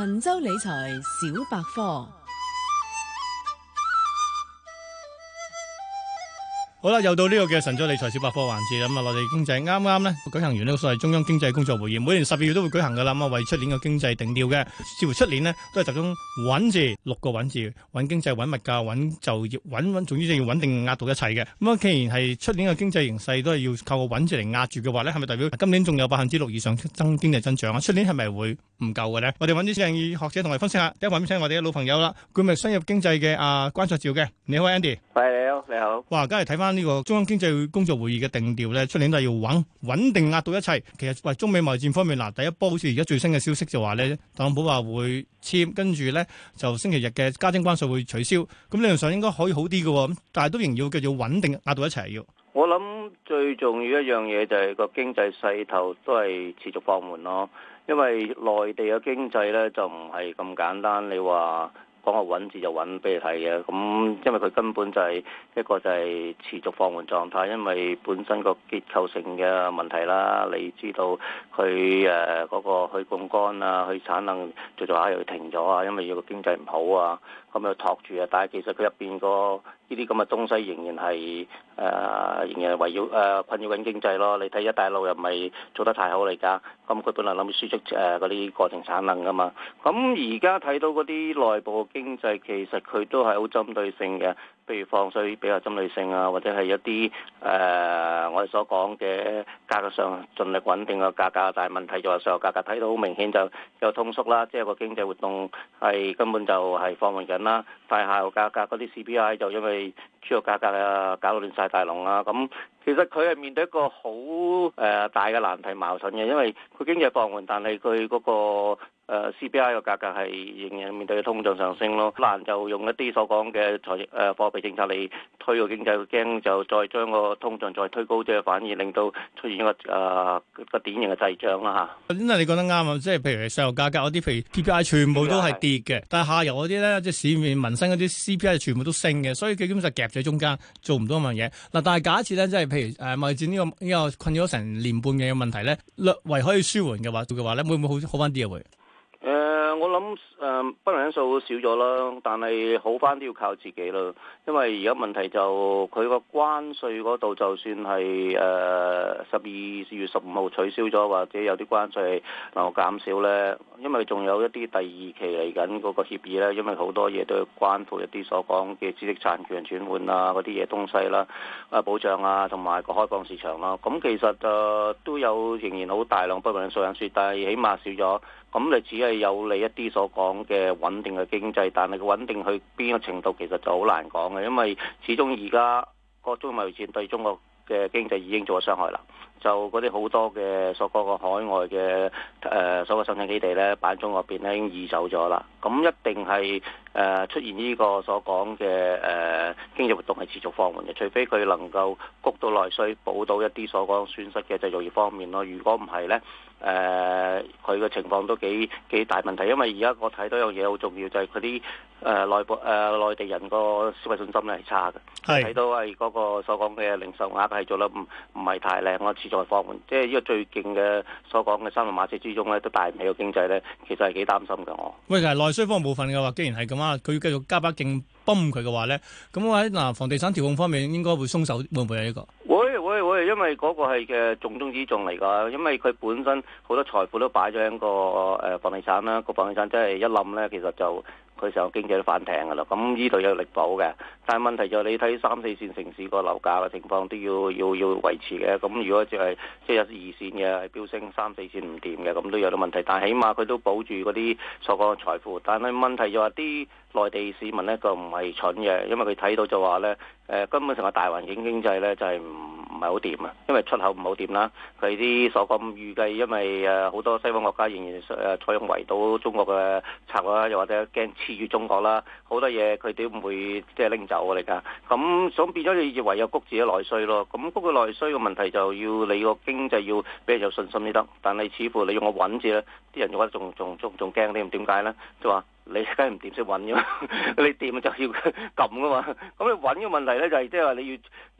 神州理財小百科。好啦，又到呢、這個嘅神州理財小百科環節啦。咁啊，內地經濟啱啱咧舉行完呢個所謂中央經濟工作會議，每年十二月都會舉行噶啦。咁啊，為出年嘅經濟定調嘅，似乎出年呢都係集中穩字六個穩字，穩經濟、穩物價、穩就業、穩穩，總之就要穩定壓到一切嘅。咁啊，既然係出年嘅經濟形勢都係要靠個穩字嚟壓住嘅話咧，係咪代表今年仲有百分之六以上增經濟增長啊？出年係咪會唔夠嘅咧？我哋揾啲正學者同我哋分析下。第一位邀請我哋嘅老朋友啦，佢咪新入經濟嘅阿關焯照嘅。你好 Andy，喂，你好，你好。哇、嗯，今日睇翻。呢個中央經濟工作會議嘅定調咧，出年都係要穩穩定壓倒一切。其實，喂，中美貿易戰方面嗱，第一波好似而家最新嘅消息就話咧，特朗普話會簽，跟住咧就星期日嘅加徵關稅會取消。咁理論上應該可以好啲嘅、哦，但係都仍然要叫做穩定壓倒一切要。我諗最重要一樣嘢就係、是、個經濟勢頭都係持續放緩咯，因為內地嘅經濟咧就唔係咁簡單，你話。講個穩字就穩俾你睇嘅，咁因為佢根本就係、是、一個就係持續放緩狀態，因為本身個結構性嘅問題啦，你知道佢誒嗰個去槓桿啊，去產能做做下又停咗啊，因為要個經濟唔好啊。咁又托住啊！但係其實佢入邊個呢啲咁嘅東西仍、呃，仍然係誒，仍然係圍繞誒、呃、困擾緊經濟咯。你睇一帶一路又唔係做得太好嚟㗎，咁、嗯、佢本嚟諗住輸出誒嗰啲過剩產能㗎嘛。咁而家睇到嗰啲內部經濟，其實佢都係好針對性嘅。譬如放水比較針對性啊，或者係一啲誒、呃、我哋所講嘅價格上盡力穩定個價格，但係問題就係上個價格睇到好明顯就有通縮啦，即係個經濟活動係根本就係放緩緊啦，但係下游價格嗰啲 CPI 就因為。豬肉價格啊，搞到亂晒大籠啊！咁、嗯、其實佢係面對一個好誒、呃、大嘅難題矛盾嘅，因為佢經濟放緩，但係佢嗰個、呃、CPI 嘅價格係仍然面對緊通脹上升咯。難就用一啲所講嘅財誒貨幣政策嚟。推個經濟，會驚就再將個通脹再推高即係。反而令到出現一個誒個典型嘅滯脹啦吓。咁啊，你覺得啱啊？即係譬如上游價格，嗰啲譬如 P P I 全部都係跌嘅，但係下游嗰啲咧，即係市面民生嗰啲 C P I 全部都升嘅，所以佢基本上夾咗中間做唔到咁樣嘢嗱。但係假設咧，即係譬如誒貿易戰呢個呢個困擾咗成年半嘅問題咧，略為可以舒緩嘅話嘅話咧，會唔會好好翻啲啊？會？誒、呃，我諗誒、呃，不明朗因素少咗啦，但係好返都要靠自己啦。因為而家問題就佢個關稅嗰度，就算係誒十二四月十五號取消咗，或者有啲關稅能夠減少呢，因為仲有一啲第二期嚟緊嗰個協議呢，因為好多嘢都要關乎一啲所講嘅知識產權轉換啊，嗰啲嘢東西啦，啊保障啊，同埋個開放市場咯、啊。咁其實就、呃、都有仍然好大量不明朗因素，但係起碼少咗。咁你只係，係有利一啲所講嘅穩定嘅經濟，但係佢穩定去邊個程度其實就好難講嘅，因為始終而家個中美貿易戰對中國嘅經濟已經做咗傷害啦。就嗰啲好多嘅所講嘅海外嘅誒、呃、所謂生產基地咧，板中嗰邊咧已經易走咗啦。咁一定係誒、呃、出現呢個所講嘅誒經濟活動係持續放緩嘅，除非佢能夠谷到內需補到一啲所講損失嘅製造業方面咯。如果唔係咧，誒、呃。佢嘅情況都幾幾大問題，因為而家我睇到一樣嘢好重要，就係佢啲誒內部誒、呃、內地人個消費信心咧係差嘅，睇是到係嗰個所講嘅零售額係做得唔唔係太靚。我始終放，即係呢個最勁嘅所講嘅三輪馬車之中咧，都帶唔起個經濟咧，其實係幾擔心㗎我。喂，其實內需方部分嘅話，既然係咁啊，佢要繼續加把勁泵佢嘅話咧，咁我喺嗱、呃、房地產調控方面應該會鬆手，會唔會啊呢、呢個。因為嗰個係嘅重中之重嚟㗎，因為佢本身好多財富都擺咗喺個誒房地產啦，個房地產真係一冧咧，其實就佢就個經濟都反艇㗎啦。咁呢度有力保嘅，但係問題就你睇三四線城市個樓價嘅情況都要要要維持嘅。咁、嗯、如果就係即係有啲二線嘅係飆升，三四線唔掂嘅，咁都有啲問題。但係起碼佢都保住嗰啲所講嘅財富，但係問題就話啲內地市民咧就唔係蠢嘅，因為佢睇到就話咧。誒、呃、根本上個大環境經濟咧就係唔唔係好掂啊，因為出口唔好掂啦，佢啲所講預計，因為誒好、呃、多西方國家仍然誒採用圍堵中國嘅策略啦，又或者驚黐住中國啦，好多嘢佢哋都唔會即係拎走啊！而家咁想變咗你以為有谷自己嘅內需咯，咁谷嘅內需嘅問題就要你個經濟要俾人有信心先得，但係似乎你用個穩字咧，啲人就話仲仲仲仲驚啲，咁點解咧？即係你梗係唔掂，識揾㗎嘛？你掂就要撳㗎嘛？咁你揾嘅問題咧，就係即係話你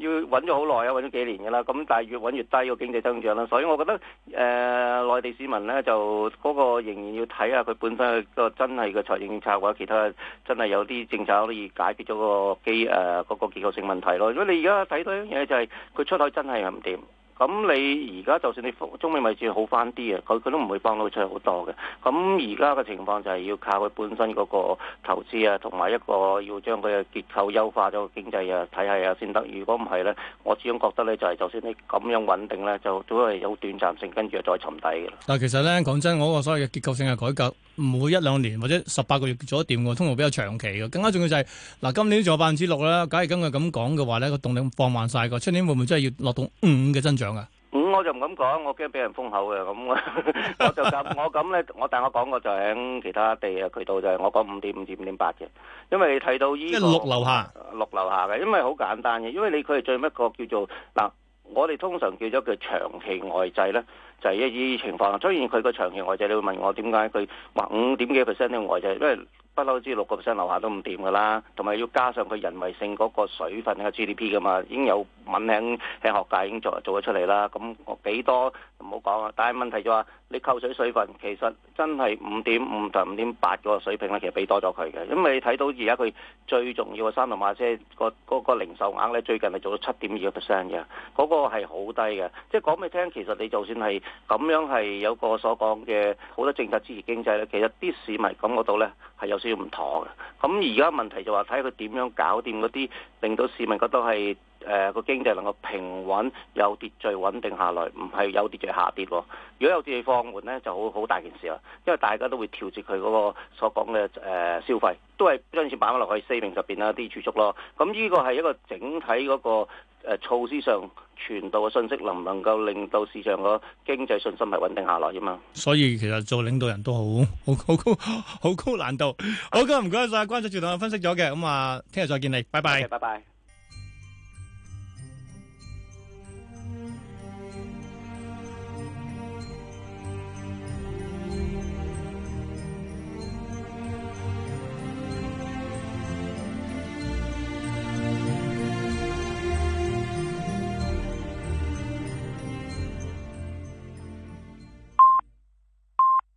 要要揾咗好耐啊，揾咗幾年㗎啦。咁但係越揾越低個經濟增長啦。所以我覺得誒內地市民咧，就嗰個仍然要睇下佢本身個真係個財政策或者其他真係有啲政策可以解決咗個機誒嗰個結構性問題咯。如果你而家睇到一樣嘢就係佢出口真係係唔掂。咁、嗯、你而家就算你中美位置好翻啲、嗯、啊，佢佢都唔會幫到佢出好多嘅。咁而家嘅情況就係要靠佢本身嗰個投資啊，同埋一個要將佢嘅結構優化咗個經濟啊體系啊先得。如果唔係咧，我始終覺得咧就係就算你咁樣穩定咧，就都係有短暫性，跟住再沉底嘅。嗱，其實咧講真，我個所謂嘅結構性嘅改革。唔會一兩年或者十八個月做得掂嘅，通常比較長期嘅。更加重要就係嗱，今年仲有百分之六啦。假如根據咁講嘅話咧，個動量放慢晒嘅，出年會唔會真係要落到五嘅增長啊？五、嗯、我就唔敢講，我驚俾人封口嘅。咁 我就咁，我咁咧，我但我講過就喺其他地啊渠道就係我講五點五至五點八嘅，因為你睇到依個六樓下六樓下嘅，因為好簡單嘅，因為你佢係最尾一個叫做嗱。我哋通常叫咗叫長期外債咧，就係、是、一啲情況。雖然佢個長期外債，你會問我點解佢話五點幾 percent 嘅外債？因為不嬲之六個 percent 樓下都唔掂噶啦，同埋要加上佢人為性嗰個水分嘅 GDP 噶嘛，已經有敏感學界已經做做咗出嚟啦。咁我幾多？唔好講啊！但係問題就話你扣水水分，其實真係五點五同五點八嗰個水平咧，其實俾多咗佢嘅，因為你睇到而家佢最重要嘅三輪馬車、嗰個零售額咧，最近係做到七點二個 percent 嘅，嗰個係好低嘅。即係講俾你聽，其實你就算係咁樣係有個所講嘅好多政策支持經濟咧，其實啲市民感覺到咧係有少少唔妥嘅。咁而家問題就話睇佢點樣搞掂嗰啲令到市民覺得係。誒個、呃、經濟能夠平穩有秩序穩定下來，唔係有秩序下跌喎。如果有秩序放緩咧，就好好大件事啦。因為大家都會調節佢嗰個所講嘅誒消費，都係將錢擺咗落去四零十邊啦，啲儲蓄咯。咁呢個係一個整體嗰、那個、呃、措施上傳導嘅信息，能唔能夠令到市場個經濟信心係穩定下來啫嘛？所以其實做領導人都好好好高難度。好嘅，唔該晒。關注住同我，我分析咗嘅。咁啊，聽日再見你，拜拜，拜拜。